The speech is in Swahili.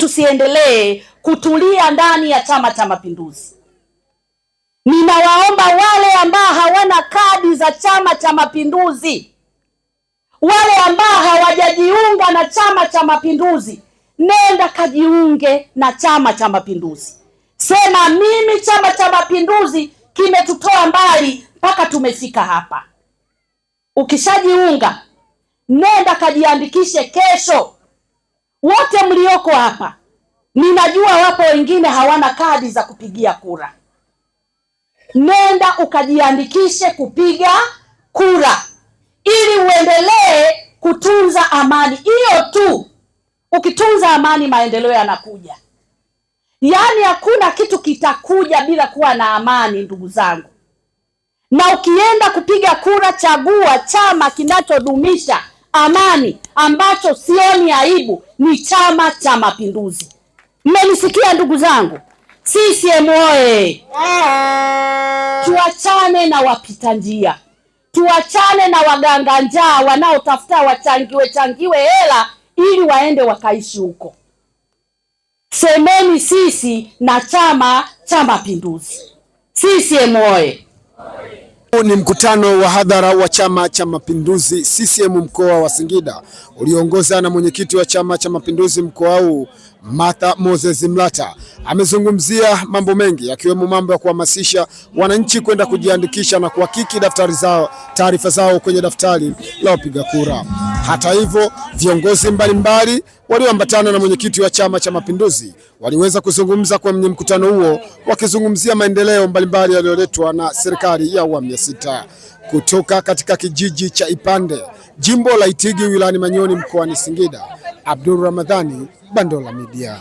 tusiendelee kutulia ndani ya Chama cha Mapinduzi. Ninawaomba wale ambao hawana kadi za Chama cha Mapinduzi, wale ambao hawajajiunga na Chama cha Mapinduzi, nenda kajiunge na Chama cha Mapinduzi. Sema mimi Chama cha Mapinduzi kimetutoa mbali mpaka tumefika hapa. Ukishajiunga nenda kajiandikishe kesho wote mlioko hapa, ninajua wapo wengine hawana kadi za kupigia kura. Nenda ukajiandikishe kupiga kura ili uendelee kutunza amani. Hiyo tu, ukitunza amani, maendeleo yanakuja. Yaani hakuna kitu kitakuja bila kuwa na amani, ndugu zangu. Na ukienda kupiga kura, chagua chama kinachodumisha amani, ambacho sioni aibu ni Chama cha Mapinduzi. Mmenisikia ndugu zangu? CCM oye! Tuachane na wapita njia, tuachane na waganga njaa wanaotafuta wachangiwe changiwe hela ili waende wakaishi huko. Semeni sisi na Chama cha Mapinduzi. CCM oye! Huu ni mkutano wa hadhara wa Chama cha Mapinduzi CCM mkoa wa Singida ulioongoza na mwenyekiti wa Chama cha Mapinduzi mkoa huu Martha Moses Mlata. Amezungumzia mambo mengi akiwemo mambo ya kuhamasisha wananchi kwenda kujiandikisha na kuhakiki daftari zao taarifa zao kwenye daftari la wapiga kura. Hata hivyo, viongozi mbalimbali walioambatana na mwenyekiti wa Chama cha Mapinduzi waliweza kuzungumza kwenye mkutano huo wakizungumzia maendeleo mbalimbali yaliyoletwa na serikali ya awamu ya sita. Kutoka katika kijiji cha Ipande, jimbo la Itigi, wilayani Manyoni, mkoani Singida, Abdul Ramadhani, Bandola Media.